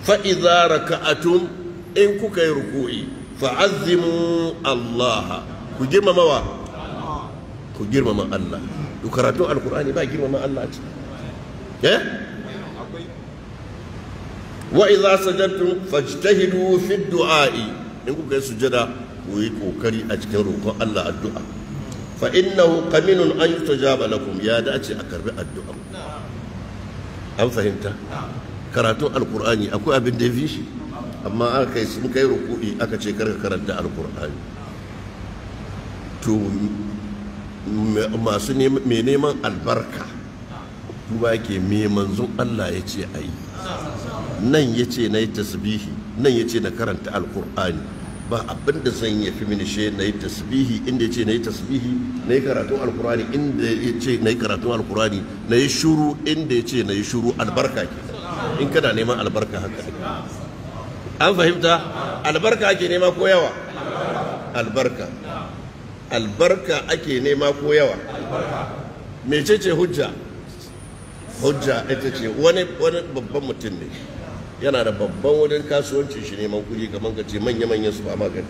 fa idza raka'atum in kuka yi ruku'i Allah ku girmama wa ku girmama Allah to karatun alqur'ani ba girmama Allah ce eh wa idza sajadtum fajtahidu fi in kuka yi sujada ku yi kokari a cikin roƙon Allah addu'a fa innahu qaminun an yutajaba lakum ya dace a karbi addu'a an fahimta karatun alqur'ani akwai abin da ya amma aka kai sun kai ruku'i aka ce karka karanta alqur'ani to masu neman albarka duba yake me manzon Allah ya ce a yi nan ya ce na yi tasbihi nan ya ce na karanta alkur'ani ba abin da zan ya fi mini she na yi tasbihi inda ya ce na yi tasbihi na yi karatun alkur'ani inda ya ce na yi karatun alkur'ani na yi shuru inda ya ce na yi shuru albarka ke in kana neman albarka haka an fahimta albarka ake nema ko yawa albarka albarka ake nema ko yawa mecece hujja hujja ita ce wani babban mutum ne yana da babban wajen kasuwancin shi neman kuɗi kamar ka ce manya-manyan su ba ga ga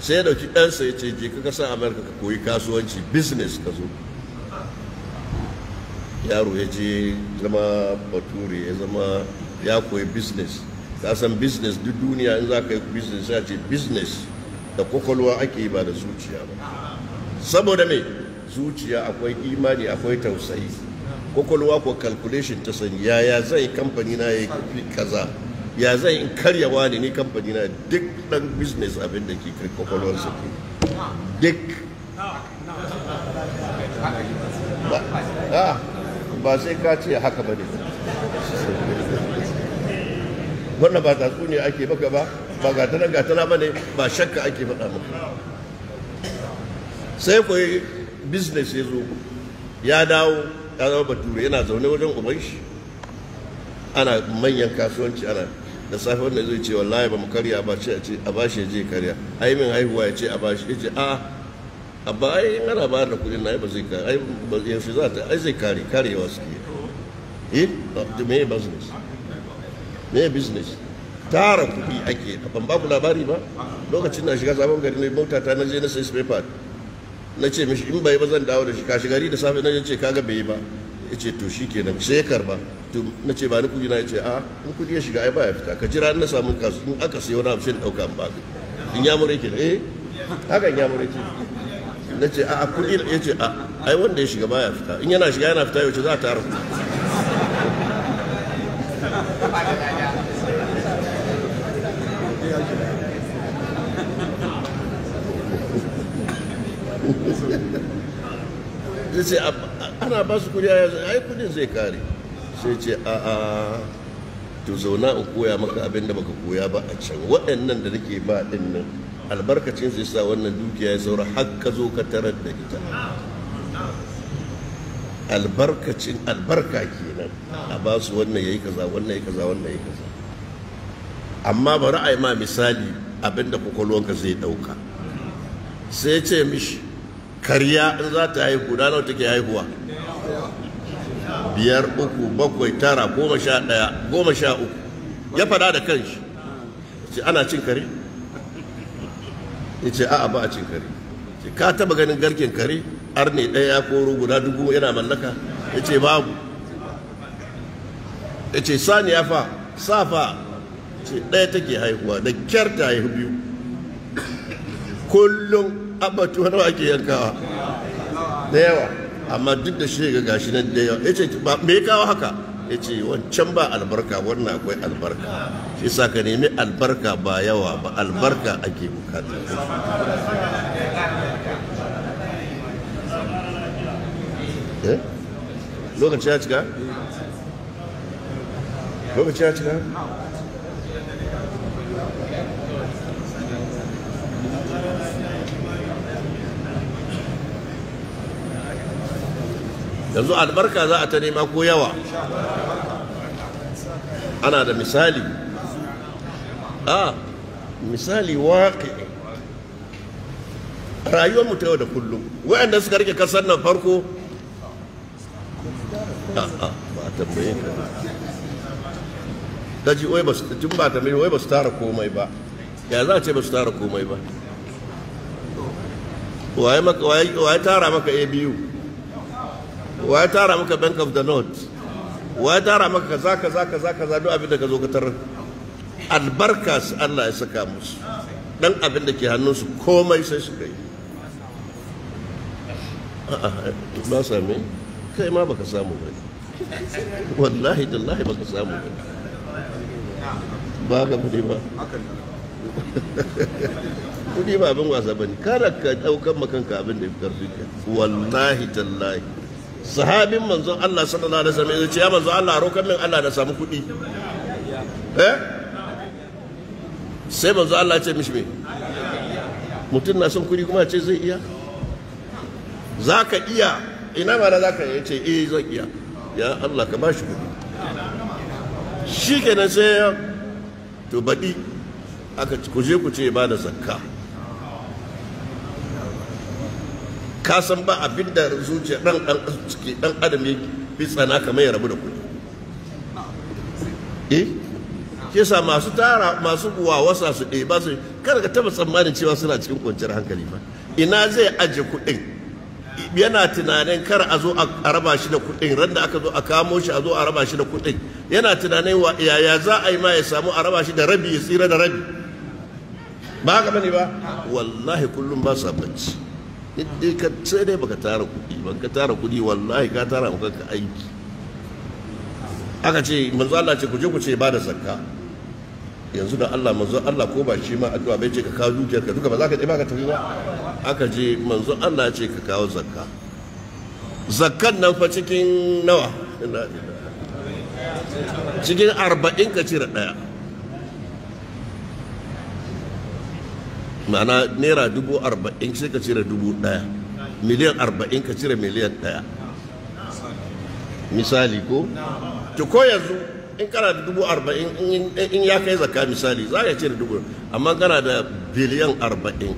sai ya dauki ɗansa ya ce je ka kasa amurka ka koyi kasuwanci business ka zo yaro ya je zama bature ya zama ya koyi business ka san business duk duniya in za ka yi business ya ce business da kwakwalwa ake yi ba da zuciya ba saboda mai zuciya akwai imani akwai tausayi kwakwalwa ko calculation ta sani yaya zai kamfani na ya fi kaza ya zai in karyawa ne ni kamfani na duk dan business abin da ke kwakwalwar su duk ba sai ka ce haka ba ne wannan ba tatsuniya ake baka ba ba gatana gatana ba ne ba shakka ake faɗa maka sai kuwa business ya zo ya dawo ya zama bature yana zaune wajen uban shi ana manyan kasuwanci ana da safe wanda zai ce wallahi ba mu karya ba ce a bashi ya je karya ai min haihuwa ya ce a bashi ya ce a a ba ai in ana bayar da kuɗin na ba zai kare ai ba yaushe za ta ai zai kare yawa suke eh me business me business tara kuɗi ake ban ba ku labari ba lokacin na shiga sabon gari ne mota ta na je na sai spare part na ce mishi in bai ba zan dawo da shi kashi gari da safe na ce kaga bai ba ya ce to shi kenan sai ya karba to na ce ba ni kudi na ya ce a in kudi ya shiga ai ba ya fita ka jira na samu kasu in aka sayo na sai dauka in baka in ya mure kenan eh haka in ya mure ce na ce a kudi ya ce a ai wanda ya shiga ba ya fita in yana shiga yana fita yau ce za a tara ta ce ana ba su kudi ya yanzu ai kudin zai kare sai ce a a to zauna in koya maka abin da baka koya ba a can waɗannan da nake ba din nan albarkacin zai sa wannan dukiya ya saura har ka zo ka tarar da ita albarkacin albarka kenan a ba su wannan yayi kaza wannan yayi kaza wannan yayi kaza amma bari a yi ma misali abin da kwakwalwanka zai ɗauka sai ce mishi karya in za ta haihu da nawa take haihuwa biyar uku bakwai tara goma sha ɗaya goma sha uku ya fada da kanshi ce ana cin kare ya ce a'a ba a cin kare ce ka taba ganin garken kare arne ɗaya koro guda dubu yana mallaka ya ce babu ya ce saniya fa safa ce ɗaya take haihuwa da kyar ta haihu biyu kullum abatuwar ake yankawa da yawa amma duk da shi ga gashi na da yawa yace ba me kawo haka yace wancan ba albarka wannan akwai albarka shi sa ka nemi albarka ba yawa ba albarka ake bukata eh? lokaci ya cika lokaci ya cika yanzu albarka za a ta nema ko yawa ana da misali a misali waƙi rayuwar mu ta yau da kullum wayanda suka rike kasar nan farko a a ba a tambaye ka ta ji wai basu tun ba ta mai basu tara komai ba ya za a ce ba su tara komai ba waye tara maka ABU? wa tara maka bank of the north wa tara maka kaza kaza kaza kaza duk abin da ka zo ka tarar albarka su Allah ya saka musu dan abin da ke su komai sai su kai ba same kai ma baka samu ba wallahi tallahi baka samu ba ba ga kudi ba kudi ba abin wasa bane kada ka daukan makanka abin da ya fi karfi wallahi tallahi sahabin manzon Allah sallallahu alaihi wasallam yace ce ya manzon Allah rokan min Allah na samu kuɗi eh sai manzon Allah ce mishi me mutum na son kuɗi kuma ce zai iya za ka iya ina ma za ka yace ce eh zan iya ya Allah ka bashi kuɗi shi kenan sai to baɗi aka ku je ku ce ba da zakka ka san ba abin da zuciya dan dan adam ya fi tsana kamar ya rabu da kuɗi eh Ke sa masu tara masu wawasa su ɗaya ba su kar ka taba tsammanin cewa suna cikin kwanciyar hankali ba ina zai aje kuɗin yana tunanin kar a zo a raba shi da kuɗin ran da aka zo a kamo shi a zo a raba shi da kuɗin yana tunanin wa yaya za a yi ma ya samu a raba shi da rabi ya tsira da rabi ba haka bane ba wallahi kullum ba sa bacci sai dai baka tara kuɗi ba, ka tara kuɗi wallahi ka tara maka ka aiki aka ce manzo Allah ce ku je ku ce ba da zakka yanzu da Allah manzo Allah ko ba shi ma addu'a bai ce ka kawo dukiyar ka duka ba za ka ba ka tafi ba aka je manzo Allah ce ka kawo zakka zakkan nan fa cikin nawa cikin arba'in ka cire ɗaya ma'ana naira dubu arba'in sai ka cire dubu ɗaya miliyan arba'in ka cire miliyan ɗaya misali ko to ko yanzu in kana da dubu arba'in in ya kai zaka misali za ka cire dubu amma kana da biliyan arba'in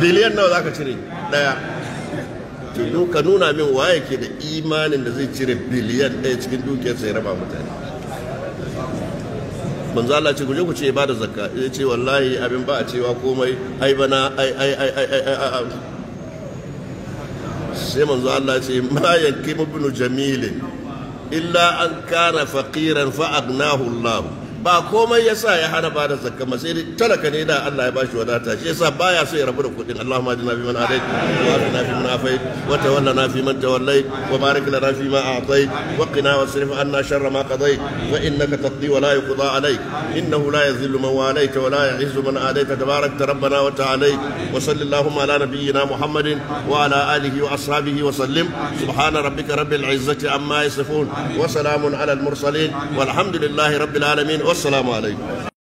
biliyan nawa za ka cire ɗaya to ka nuna min waye ke da imanin da zai cire biliyan ɗaya cikin dukiyar sai raba mutane manzo Allah ce guje ku ce ba zakka ya ce wallahi abin ba a cewa komai ai bana ai ai ai ai sai manzo Allah ce ma yankimu ibn jamil illa an kana faqiran fa agnahu Allah ba komai yasa ya hana ba da zakka ba sai talaka ne da Allah ya bashi wadata shi yasa baya so ya rabu da kudin Allahumma ajina fi man adait wa na fi man afait wa na fi man tawallait wa barik lana fi ma a'tait wa qina wasrif anna sharra ma qadait wa innaka taqdi wa la yuqda alayk innahu la yadhillu man walayta wa la yu'izzu man adait tabarak rabbana wa ta'ala wa sallallahu ala nabiyyina muhammadin wa ala alihi wa ashabihi wa sallim subhana rabbika rabbil izzati amma yasifun wa salamun ala al mursalin walhamdulillahi rabbil alamin wassalamu alaikum